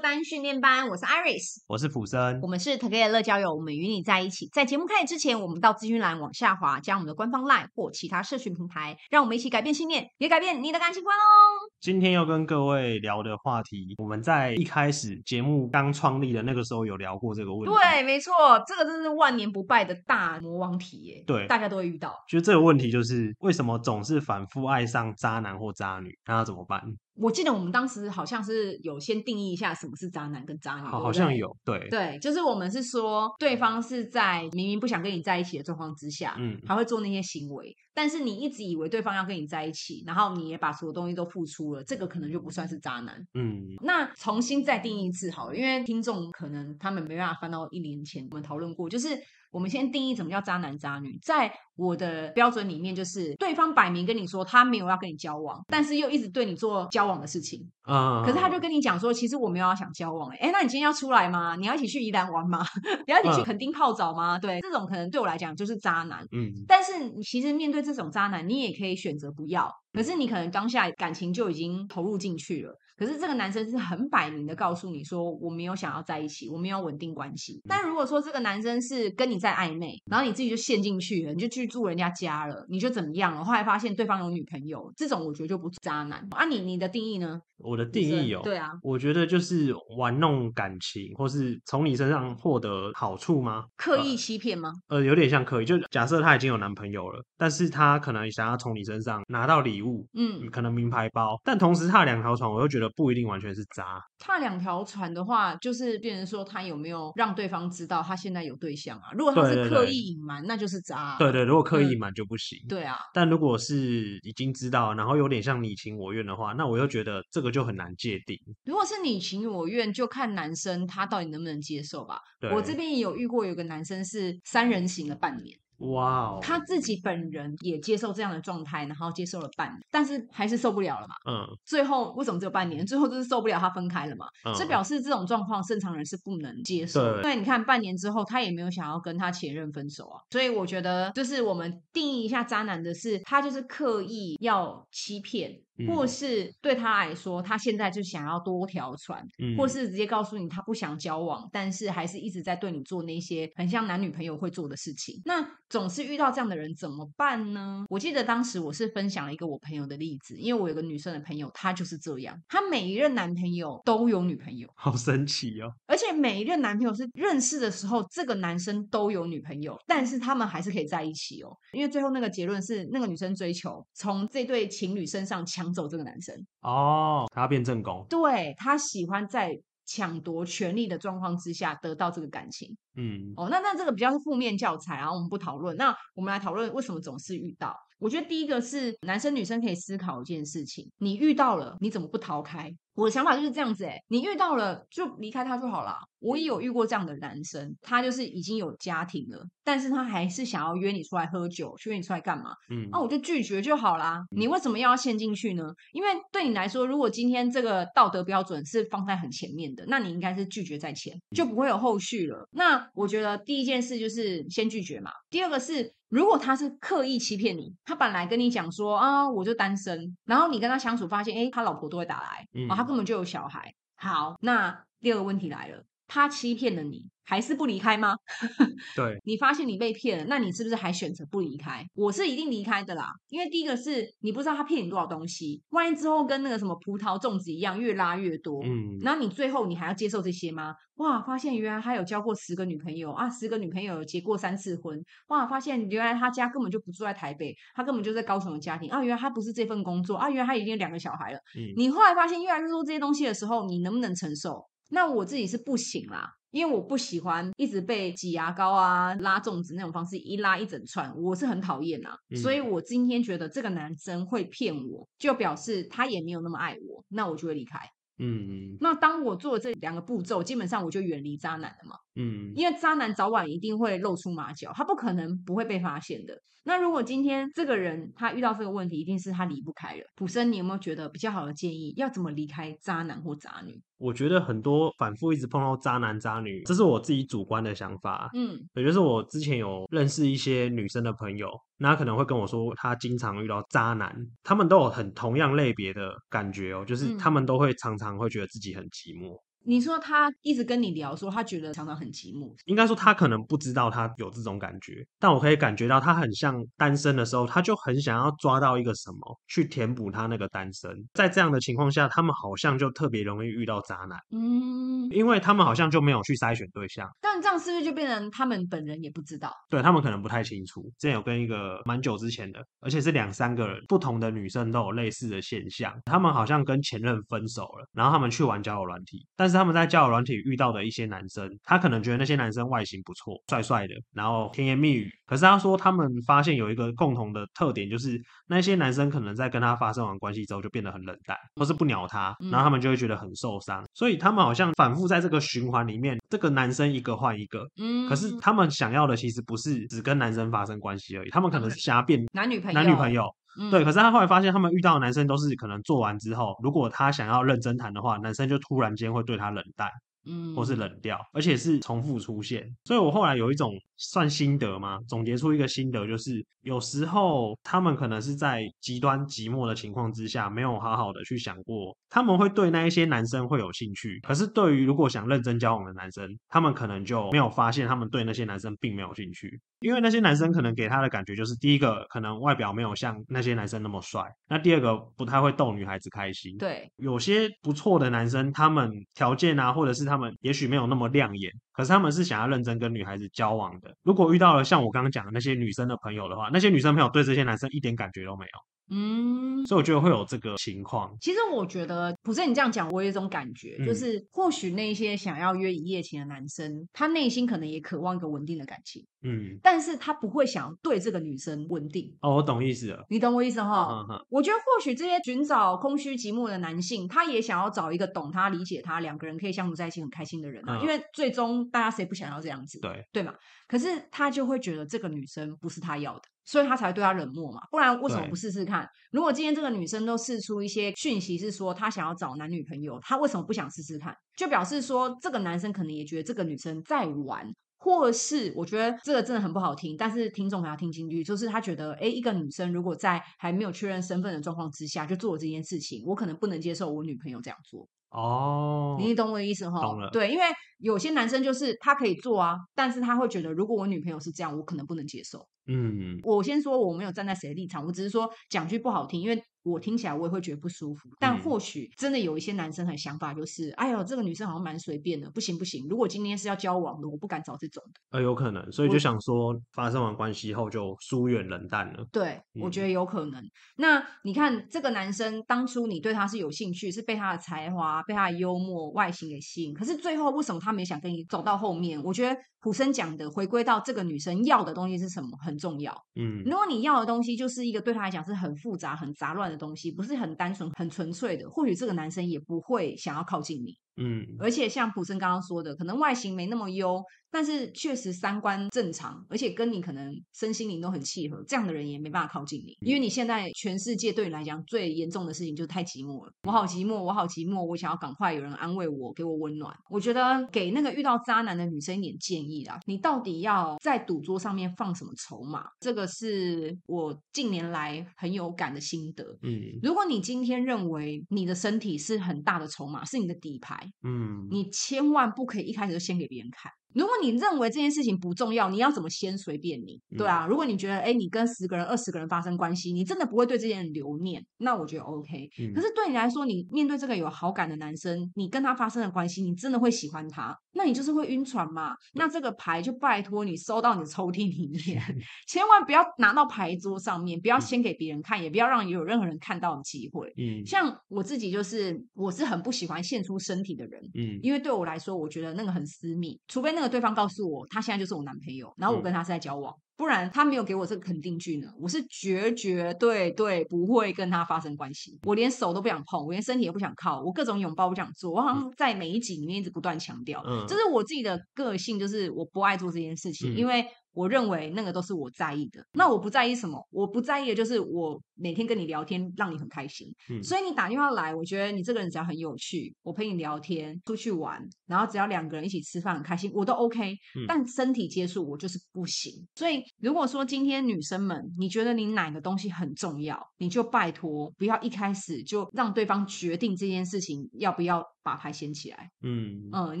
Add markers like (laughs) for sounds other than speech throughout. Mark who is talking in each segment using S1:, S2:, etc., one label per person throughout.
S1: 班訓練班，我是 Iris，
S2: 我是普森。我
S1: 們是 Together 樂交友，我們與你在一起。在節目開始之前，我們到資訊欄往下滑，加我們的官方 LINE 或其他社群平台，讓我們一起改變信念，也改變你的感情觀哦。
S2: 今天要跟各位聊的話題，我們在一開始節目剛創立的那個時候有聊過這個問題，
S1: 對，沒錯，這個真是萬年不敗的大魔王題，對，大家都會遇到。
S2: 覺得這個問題就是為什麼總是反覆愛上渣男或渣女，那怎麼辦？
S1: 我記得我們當時好像是有先定義一下什麼是渣男跟渣女，好像有對對，就是我們是說對方是在明明不想跟你在一起的狀況之下，嗯，還會做那些行為，但是你一直以為對方要跟你在一起，然後你也把所有東西都付出了，這個可能就不算是渣男。嗯，那重新再定義一次好了，因為聽眾可能他們沒辦法翻到一年前我們討論過，就是。我們先定義怎麼叫渣男渣女，在我的標準裡面，就是對方擺明跟你說他沒有要跟你交往，但是又一直對你做交往的事情啊。Uh
S2: -huh. 可是他就
S1: 跟你講說，其實我沒有要想交往。欸、誒，那你今天要出來嗎？你要一起去宜蘭玩嗎？ (laughs) 你要一起去墾丁泡澡嗎？Uh -huh. 對，這種可能對我來講就是渣男。嗯、uh -huh.，但是你其實面對這種渣男，你也可以選擇不要。可是你可能當下感情就已經投入進去了。可是這個男生是很擺明的告訴你說，我沒有想要在一起，我沒有穩定關係。但如果說這個男生是跟你在曖昧，然後你自己就陷進去了，你就去住人家家了，你就怎麼樣了，後來發現對方有女朋友，這種我覺得就不渣男。啊你，你你的定義呢？
S2: 我的定義有、哦、對啊，我覺得就是玩弄感情，或是從你身上獲得好處嗎？
S1: 刻意欺騙嗎？
S2: 呃，有點像刻意，就假設他已經有男朋友了，但是他可能想要從你身上拿到禮物，嗯，可能名牌包，但同時他有兩條船，我又覺得。不一定完全是渣。
S1: 踏兩條船的話，就是變成說他有沒有讓對方知道他現在有對象啊？如果他是刻意隱瞞，那就是渣啊。對，
S2: 對對，如果刻意隱瞞就不行。嗯，對啊，但如果是已經知道，然後有點像你情我願的話，那我又覺得這個就很難界定。
S1: 如果是你情我願，就看男生他到底能不能接受吧。我這邊也有遇過，有個男生是三人行了半年。哇哦，他自己本人也接受這樣的狀態，然後接受了半年，但是還是受不了了嘛。嗯，uh，最後為什麼只有半年？最後就是受不了，他分開了嘛。嗯，這表示這種狀況正常人是不能接受。對，對，你看半年之後，他也沒有想要跟他前任分手啊。所以我覺得，就是我們定義一下渣男的是，他就是刻意要欺騙。或是對他來說，他現在就想要多條船，嗯，或是直接告訴你他不想交往，但是還是一直在對你做那些很像男女朋友會做的事情。那總是遇到這樣的人怎麼辦呢？我記得當時我是分享了一個我朋友的例子，因為我有個女生的朋友，她就是這樣，她每一任男朋友都有女朋友，
S2: 好神奇哦！
S1: 而且每一任男朋友是認識的時候，這個男生都有女朋友，但是他們還是可以在一起哦。因為最後那個結論是，那個女生追求從這對情侶身上搶。走這個男生
S2: 哦，他變正宮，
S1: 對，他喜歡在搶奪權力的狀況之下得到這個感情，嗯，哦，那那這個比較是負面教材，啊。然後我們不討論，那我們來討論為什麼總是遇到？我覺得第一個是男生女生可以思考一件事情，你遇到了你怎麼不逃開？我的想法就是這樣子哎、欸，你遇到了就離開他就好了。我也有遇過這樣的男生，他就是已經有家庭了，但是他還是想要約你出來喝酒，去約你出來幹嘛？嗯，那我就拒絕就好啦。你為什麼要，要陷進去呢？因為對你來說，如果今天這個道德標準是放在很前面的，那你應該是拒絕在前，就不會有後續了。那我覺得第一件事就是先拒絕嘛。第二個是，如果他是刻意欺騙你，他本來跟你講說啊，我就單身，然後你跟他相處發現，誒、欸，他老婆都會打來，啊，他。根本就有小孩。好，那第二個問題來了。他欺騙了你，還是不離開嗎？ (laughs) 對，你發現你被騙了，那你是不是還選擇不離開？我是一定離開的啦，因為第一個是你不知道他騙你多少東西，萬一之後跟那個什麼葡萄粽子一樣，越拉越多，嗯，然後你最後你還要接受這些嗎？哇，發現原來他有交過十個女朋友啊，十個女朋友有結過三次婚，哇，發現原來他家根本就不住在台北，他根本就在高雄的家庭啊，原來他不是這份工作啊，原來他已經有兩個小孩了，嗯，你後來發現越來越多這些東西的時候，你能不能承受？那我自己是不行啦，因為我不喜歡一直被擠牙膏啊、拉粽子那種方式，一拉一整串，我是很討厭啦。所以我今天覺得這個男生會騙我，就表示他也沒有那麼愛我，那我就會離開。嗯嗯。那當我做這兩個步驟，基本上我就遠離渣男了嘛。嗯，因為渣男早晚一定會露出馬腳，他不可能不會被發現的。那如果今天這個人他遇到這個問題，一定是他離不開了。普森，你有沒有覺得比較好的建議，要怎麼離開渣男或渣女？我
S2: 覺得很多反覆一直碰到渣男渣女，這是我自己主觀的想法。嗯，也就是我之前有認識一些女生的朋友，那他可能會跟我說，她經常遇到渣男，他們都有很同樣類別的感覺哦，就是他們都會常常會覺得自己很寂寞。嗯
S1: 你說他一直跟你聊說，說他覺得常常很寂寞。
S2: 應該說他可能不知道他有這種感覺，但我可以感覺到他很像單身的時候，他就很想要抓到一個什麼去填補他那個單身。在這樣的情況下，他們好像就特別容易遇到渣
S1: 男，嗯，
S2: 因為他們好像就沒有去篩選對象。
S1: 但這樣是不是就變成他們本人也不知道？
S2: 對，他們可能不太清楚。之前有跟一個蠻久之前的，而且是兩三個人不同的女生都有類似的現象。他們好像跟前任分手了，然後他們去玩交友軟體，但。但是他們在交友軟體遇到的一些男生，他可能覺得那些男生外形不錯，帥帥的，然後甜言蜜語。可是他說他們發現有一個共同的特點，就是那些男生可能在跟他發生完關係之後就變得很冷淡，或是不鳥他，然後他們就會覺得很受傷，嗯。所以他們好像反覆在這個循環裡面，這個男生一個換一個。嗯，嗯，可是他們想要的其實不是只跟男生發生關係而已，他們可能是瞎變男女朋友，男女朋友。嗯，對，可是她後來發現，他們遇到的男生都是可能做完之後，如果她想要認真談的話，男生就突然間會對她冷淡，嗯，或是冷掉，嗯，而且是重複出現，所以我後來有一種。算心得嗎？總結出一個心得，就是有時候他們可能是在極端寂寞的情況之下，沒有好好的去想過，他們會對那一些男生會有興趣。可是對於如果想認真交往的男生，他們可能就沒有發現，他們對那些男生並沒有興趣。因為那些男生可能給他的感覺就是，第一個可能外表沒有像那些男生那麼帥，那第二個不太會逗女孩子開心。對，有些不錯的男生，他們條件啊，或者是他們也許沒有那麼亮眼。可是他們是想要認真跟女孩子交往的。如果遇到了像我剛剛講的那些女生的朋友的話，那些女生朋友對這些男生一點感覺都沒有。
S1: 嗯，所以我覺得會
S2: 有這個情況。
S1: 其實我覺得，不是你這樣講，我有一種感覺，嗯、就是或許那些想要約一夜情的男生，他內心可能也渴望一個穩定的感情。嗯，但是他不會想對這個女生穩定。
S2: 哦，我懂意思了，
S1: 你懂我意思哈、嗯嗯嗯。我覺得或許這些尋找空虛寂寞的男性，他也想要找一個懂他、理解他，兩個人可以相處在一起很開心的人、嗯、因為最終大家誰不想要這樣子？對，對嘛？可是他就會覺得這個女生不是他要的。所以他才對他冷漠嘛，不然為什麼不試試看？如果今天這個女生都釋出一些訊息，是說她想要找男女朋友，她為什麼不想試試看？就表示說，這個男生可能也覺得這個女生在玩，或者是我覺得這個真的很不好聽，但是聽眾還要聽清楚，就是他覺得，哎，一個女生如果在還沒有確認身份的狀況之下就做了這件事情，我可能不能接受我女朋友這樣做。哦，你懂我的意思哈？懂了。對，因為有些男生就是他可以做啊，但是他會覺得如果我女朋友是這樣，我可能不能接受。嗯，我先說我沒有站在誰立場，我只是說講句不好聽，因為。我聽起來我也會覺得不舒服，但或許真的有一些男生的想法就是、嗯，哎呦，這個女生好像蠻隨便的，不行不行，如果今天是要交往的，我不敢找這種的。
S2: 呃，有可能，所以就想說，發生完關係以後就疏遠冷淡了。
S1: 對、嗯，我覺得有可能。那你看，這個男生當初你對他是有興趣，是被他的才華、被他的幽默、外形給吸引，可是最後為什麼他沒想跟你走到後面？我覺得。普森講的，回歸到這個女生要的東西是什麼很重要。嗯，如果你要的東西就是一個對他來講是很複雜、很雜亂的東西，不是很單純、很純粹的，或許這個男生也不會想要靠近你。嗯，而且像普森剛剛說的，可能外形沒那麼優，但是確實三觀正常，而且跟你可能身心靈都很契合，這樣的人也沒辦法靠近你，因為你現在全世界對你來講最嚴重的事情就是太寂寞了。我好寂寞，我好寂寞，我想要趕快有人安慰我，給我溫暖。我覺得給那個遇到渣男的女生一點建議啦，你到底要在賭桌上面放什麼籌碼？這個是我近年來很有感的心得。嗯，如果你今天認為你的身體是很大的籌碼，是你的底牌。嗯，你千萬不可以一開始就先給別人看。如果你認為這件事情不重要，你要怎麼先隨便你？對啊，如果你覺得哎、欸，你跟十個人、二十個人發生關係，你真的不會對這些人留念，那我覺得 OK。可是對你來說，你面對這個有好感的男生，你跟他發生了關係，你真的會喜歡他？那你就是會暈船嘛？那這個牌就拜託你收到你的抽屜裡面，千萬不要拿到牌桌上面，不要先給別人看，也不要讓有任何人看到的機會。嗯，像我自己就是，我是很不喜歡獻出身體的人，嗯，因為對我來說，我覺得那個很私密，除非那個。那個對方告訴我，他現在就是我男朋友，然後我跟他是在交往，嗯、不然他沒有給我這個肯定句呢。我是絕絕對對不會跟他發生關係，我連手都不想碰，我連身體也不想靠，我各種擁抱不想做。我好像在每一集裡面一直不斷強調，嗯、這是我自己的個性，就是我不愛做這件事情，嗯、因為。我認為那個都是我在意的。那我不在意什麼？我不在意的就是我每天跟你聊天，讓你很開心。嗯。所以你打電話來，我覺得你這個人只要很有趣，我陪你聊天、出去玩，然後只要兩個人一起吃飯很開心，我都 OK。但身體接觸我就是不行。嗯。所以如果說今天女生們，你覺得你哪個東西很重要，你就拜託不要一開始就讓對方決定這件事情要不要把牌掀起來。嗯嗯，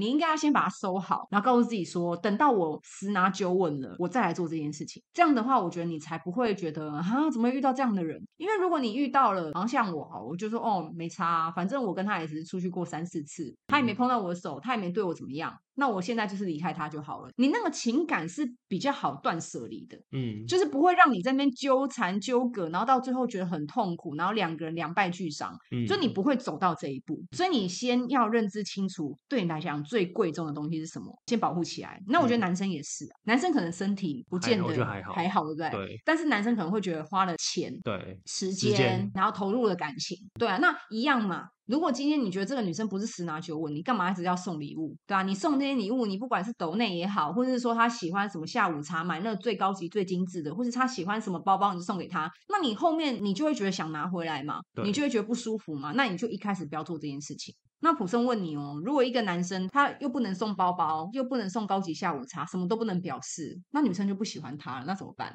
S1: 你應該要先把它收好，然後告訴自己說，等到我十拿九穩了，我再來做這件事情，這樣的話，我覺得你才不會覺得啊，怎麼遇到這樣的人？因為如果你遇到了，然後像我啊，我就說哦，沒差啊，反正我跟他也是出去過三四次，他也沒碰到我的手，他也沒對我怎麼樣。那我現在就是離開他就好了。你那個情感是比較好斷捨離的，嗯，就是不會讓你在那邊糾纏糾葛，然後到最後覺得很痛苦，然後兩個人兩敗俱傷，嗯，所以你不會走到這一步。所以你先要認知清楚，對你來講最貴重的東西是什麼，先保護起來。那我覺得男生也是啊，嗯，男生可能身體不見得還好，哎，還好對不對？對。但是男生可能會覺得花了錢，對，時間，時間然後投入了感情，對啊，那一樣嘛。如果今天你覺得這個女生不是十拿九穩，你幹嘛一直要送禮物？對啊，你送這些禮物，你不管是斗內也好，或者是說她喜歡什麼下午茶，買那個最高級、最精緻的，或是她喜歡什麼包包，你就送給她。那你後面你就會覺得想拿回來嘛，你就會覺得不舒服嘛。那你就一開始不要做這件事情。那普森問你哦、喔，如果一個男生他又不能送包包，又不能送高級下午茶，什麼都不能表示，那女生就不喜歡他了，那怎麼辦？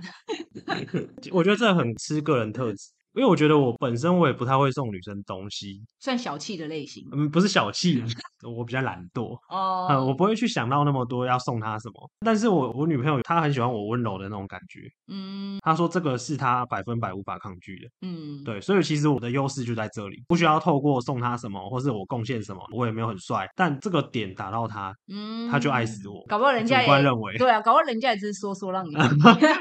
S2: (laughs) 我覺得這很吃個人特質。因為我覺得我本身我也不太會送女生東西，
S1: 算小氣的類型。
S2: 嗯，不是小氣， (laughs) 我比較懶惰哦、
S1: oh. 嗯。我
S2: 不會去想到那麼多要送她什麼。但是我我女朋友她很喜歡我溫柔的那種感覺。嗯，她說這個是她百分百無法抗拒的。嗯，對，所以其實我的優勢就在這裡，不需要透過送她什麼，或是我貢獻什麼。我也沒有很帥，但這個點打到她，嗯，
S1: 她就愛死我。搞不好人家也不會認為、欸，對啊，搞不好人家也只是說說讓你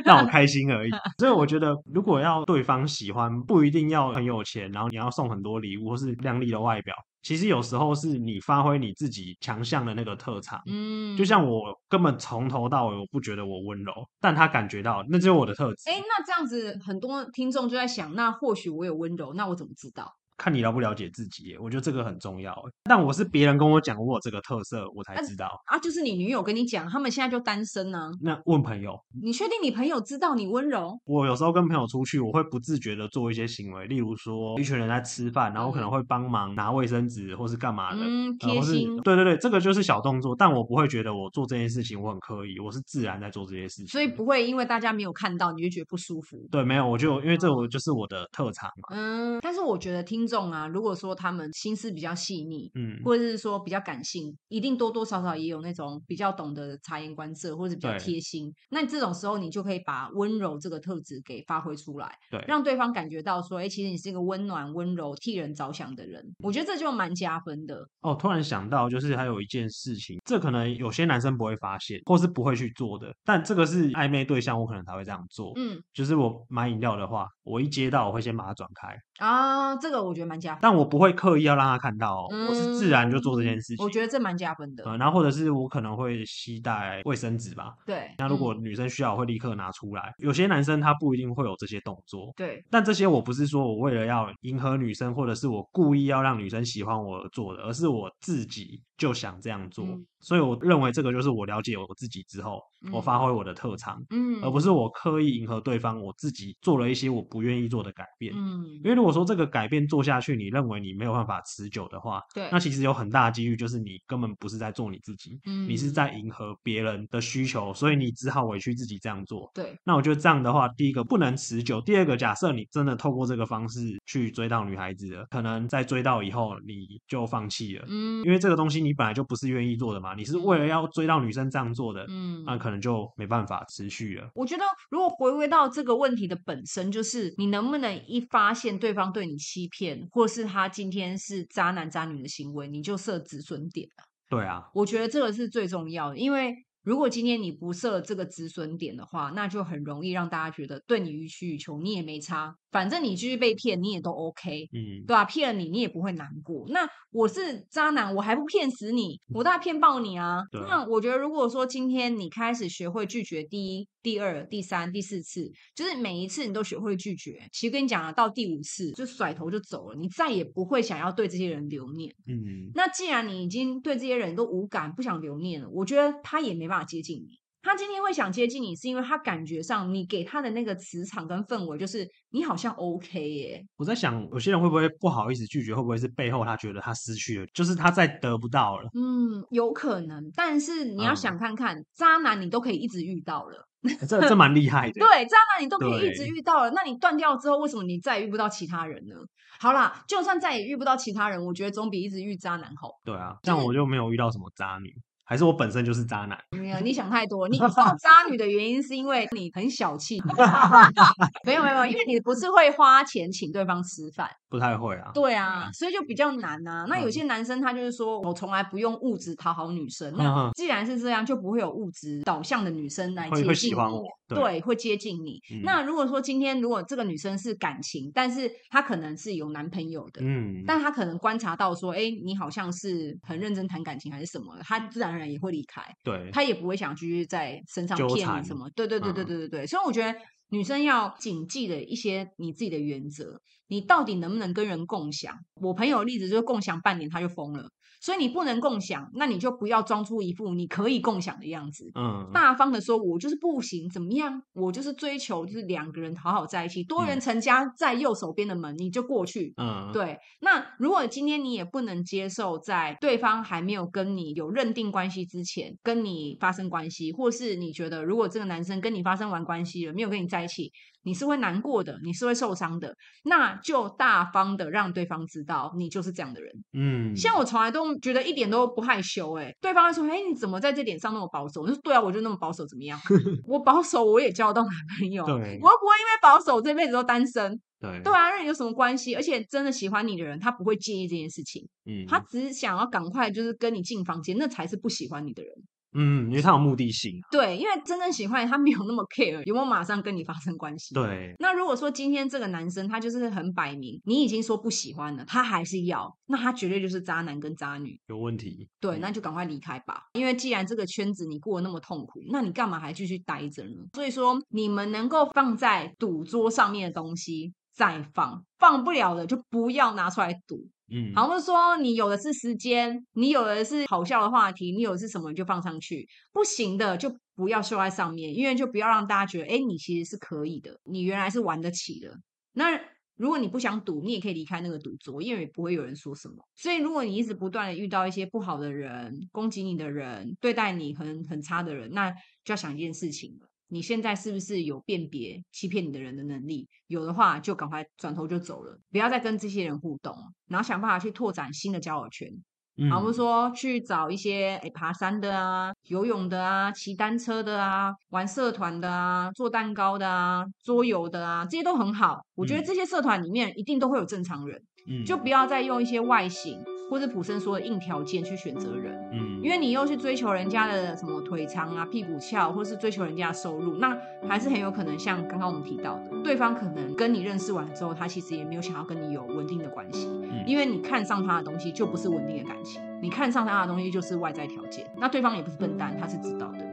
S2: 讓 (laughs) (laughs) 我開心而已。 (laughs) 所以我覺得如果要對方喜歡。不一定要很有錢，然後你要送很多禮物或是靚麗的外表。其實有時候是你發揮你自己強項的那個特長。嗯，就像我根本從頭到尾我不覺得我溫柔，但他感覺到，那就是我的特質。
S1: 欸，那這樣子很多聽眾就在想，那或許我有溫柔，那我怎麼知道？
S2: 看你了不了解自己，我覺得這個很重要。但我是別人跟我講我有這個特色，我才知道啊,
S1: 啊。就是你女友跟你講，他們現在就單身呢、
S2: 啊。那問朋友，
S1: 你確定你朋友知道你溫柔？
S2: 我有時候跟朋友出去，我會不自覺的做一些行為，例如說，一群人在吃飯、嗯，然後可能會幫忙拿衛生紙或是幹嘛的。嗯，貼心是。對對對，這個就是小動作，但我不會覺得我做這件事情我很刻意，我是自然在做這些事情。
S1: 所以不會因為大家沒有看到你就覺得不舒服。
S2: 對，沒有，我就，嗯、因為這我就是我的特長嘛。
S1: 嗯，但是我覺得聽眾。啊！如果說他們心思比較細膩，嗯，或者是說比較感性，一定多多少少也有那種比較懂得察言觀色，或者比較貼心。那這種時候，你就可以把溫柔這個特質給發揮出來，對，讓對方感覺到說，哎、欸，其實你是一個溫暖、溫柔、替人着想的人。我覺得這就蠻加分的。
S2: 哦，突然想到，就是還有一件事情，這可能有些男生不會發現，或是不會去做的。但這個是曖昧對象，我可能才會這樣做。嗯，就是我買飲料的話，我一接到，我會先把它轉開
S1: 啊。這個我。我覺得蠻加分，
S2: 但我不會刻意要讓他看到、哦嗯，我是自然就做這件事情。嗯、我
S1: 覺得這蠻加分的、嗯。
S2: 然後或者是我可能會攜帶衛生紙吧，對。那如果女生需要，我會立刻拿出來、嗯。有些男生他不一定會有這些動作，對。但這些我不是說我為了要迎合女生，或者是我故意要讓女生喜歡我做的，而是我自己。就想這樣做、嗯，所以我認為這個就是我了解我自己之後，嗯、我發揮我的特長、嗯，而不是我刻意迎合對方。我自己做了一些我不願意做的改變、嗯，因為如果說這個改變做下去，你認為你沒有辦法持久的話，對，那其實有很大的幾率就是你根本不是在做你自己，嗯、你是在迎合別人的需求，所以你只好委屈自己這樣做，對。那我覺得這樣的話，第一個不能持久，第二個假設你真的透過這個方式去追到女孩子了，可能在追到以後你就放棄了、嗯，因為這個東西。你本來就不是願意做的嘛，你是為了要追到女生這樣做的，嗯，那、啊、可能就沒辦法持續了。
S1: 我覺得，如果回歸到這個問題的本身，就是你能不能一發現對方對你欺騙，或是他今天是渣男渣女的行為，你就設止損點。對啊，我覺得這個是最重要的，因為如果今天你不設這個止損點的話，那就很容易讓大家覺得對你予取予求，你也沒差。反正你繼續被騙，你也都 OK，嗯，對吧，啊？騙了你,你也不會難過。那我是渣男，我還不騙死你，我都要騙爆你啊！嗯，那我覺得，如果說今天你開始學會拒絕，第一、第二、第三、第四次，就是每一次你都學會拒絕。其實跟你講了，到第五次就甩頭就走了，你再也不會想要對這些人留念。嗯，那既然你已經對這些人都無感，不想留念了，我覺得他也沒辦法接近你。他今天會想接近你，是因為他感覺上你給他的那個磁場跟氛圍，就是你好像 OK 耶、欸。
S2: 我在想，有些人會不會不好意思拒絕？會不會是背後他覺得他失去了，就是他再得不到了？
S1: 嗯，有可能。但是你要想看看，嗯、渣男你都可以一直遇到了，
S2: 欸、這這蠻厲害的。 (laughs) 對，渣男你都可以一直遇
S1: 到了，那你斷掉之後，為什麼你再也遇不到其他人呢？好啦，就算再也遇不到其他人，我覺得總比一直遇渣男好。
S2: 對啊，像我就沒有遇到什麼渣女。還是我本身就是渣男？
S1: 沒有，你想太多。你做渣女的原因是因為你很小氣。 (laughs) (laughs) 沒有沒有，因為你不是會花錢請對方吃飯，
S2: 不太會啊。對
S1: 啊，啊所以就比較難吶、啊。那有些男生他就是說、嗯、我從來不用物質討好女生。那既然是這樣，就不會有物質導向的女生來接近我。對，會接近你。嗯，那如果說今天如果這個女生是感情，但是她可能是有男朋友的，嗯，但她可能觀察到說，哎，你好像是很認真談感情還是什麼的，她自然而然也會離開。對，她也不會想繼續在身上騙你什麼。對對對對對對對，對，嗯。所以我覺得女生要謹記的一些你自己的原則，你到底能不能跟人共享？我朋友的例子就是共享半年，她就瘋了。所以你不能共享，那你就不要裝出一副你可以共享的樣子。嗯、uh-huh.，大方的說，我就是不行，怎麼樣？我就是追求，就是兩個人好好在一起，多元成家在右手邊的門，uh-huh. 你就過去。嗯、uh-huh.，對。那如果今天你也不能接受，在對方還沒有跟你有認定關係之前跟你發生關係，或是你覺得如果這個男生跟你發生完關係了，沒有跟你在一起。你是會難過的，你是會受傷的，那就大方的讓對方知道你就是這樣的人。嗯，像我從來都覺得一點都不害羞、欸，哎，對方會說，哎、欸，你怎麼在這點上那麼保守？我就說，對啊，我就那麼保守，怎麼樣？ (laughs) 我保守我也交到男朋友，我不會因為保守我這輩子都單身。對，對啊，那有什麼關係？而且真的喜歡你的人，他不會介意這件事情。嗯，他只想要趕快就是跟你進房間，那才是不喜歡你的人。
S2: 嗯，因為他有目的性。
S1: 對，因為真正喜歡他沒有那麼 care 有沒有馬上跟你發生關係。對，那如果說今天這個男生他就是很擺明，你已經說不喜歡了，他還是要，那他絕對就是渣男跟渣女。
S2: 有問題。
S1: 對，那就趕快離開吧。嗯。因為既然這個圈子你過得那麼痛苦，那你幹嘛還繼續待着呢？所以說，你們能夠放在賭桌上面的東西再放，放不了的就不要拿出來賭。嗯，好，或者說你有的是時間，你有的是好笑的話題，你有的是什麼你就放上去，不行的就不要秀在上面，因為就不要讓大家覺得，哎、欸，你其實是可以的，你原來是玩得起的。那如果你不想賭，你也可以離開那個賭桌，因為也不會有人說什麼。所以，如果你一直不斷的遇到一些不好的人，攻擊你的人，對待你很很差的人，那就要想一件事情了。你現在是不是有辨別欺騙你的人的能力？有的話，就趕快轉頭就走了，不要再跟這些人互動，然後想辦法去拓展新的交友圈。嗯，我們說去找一些、欸、爬山的啊、游泳的啊、騎單車的啊、玩社團的啊、做蛋糕的啊、桌遊的啊，這些都很好。我覺得這些社團裡面一定都會有正常人，嗯，就不要再用一些外形，或者普森說的硬條件去選擇人，嗯，因為你又去追求人家的什麼腿長啊、屁股翹，或者是追求人家的收入，那還是很有可能像剛剛我們提到的，對方可能跟你認識完之後，他其實也沒有想要跟你有穩定的關係。嗯，因為你看上他的東西就不是穩定的感情，你看上他的東西就是外在條件，那對方也不是笨蛋，他是知道的。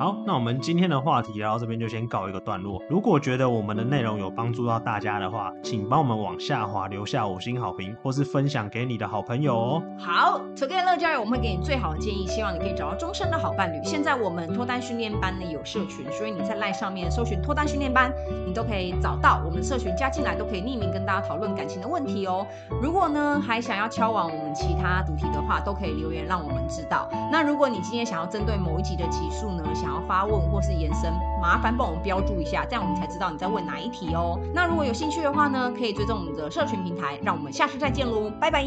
S2: 好，那我們今天的話題，然後這邊就先告一個段落。如果覺得我們的內容有幫助到大家的話，請幫我們往下滑，留下五星好評，或是分享給你的好朋友哦。
S1: 好，脫單樂交友，我們會給你最好的建議，希望你可以找到終身的好伴侶。現在我們脫單訓練班呢有社群，所以你在賴上面搜尋脫單訓練班，你都可以找到我們的社群，加進來都可以匿名跟大家討論感情的問題哦。如果呢還想要敲碗我們其他主題的話，都可以留言讓我們知道。那如果你今天想要針對某一集的集數呢，想然後發問或是延伸，麻煩幫我們標注一下，這樣我們才知道你在問哪一題哦。那如果有興趣的話呢，可以追蹤我們的社群平台，讓我們下次再見嘍，拜拜。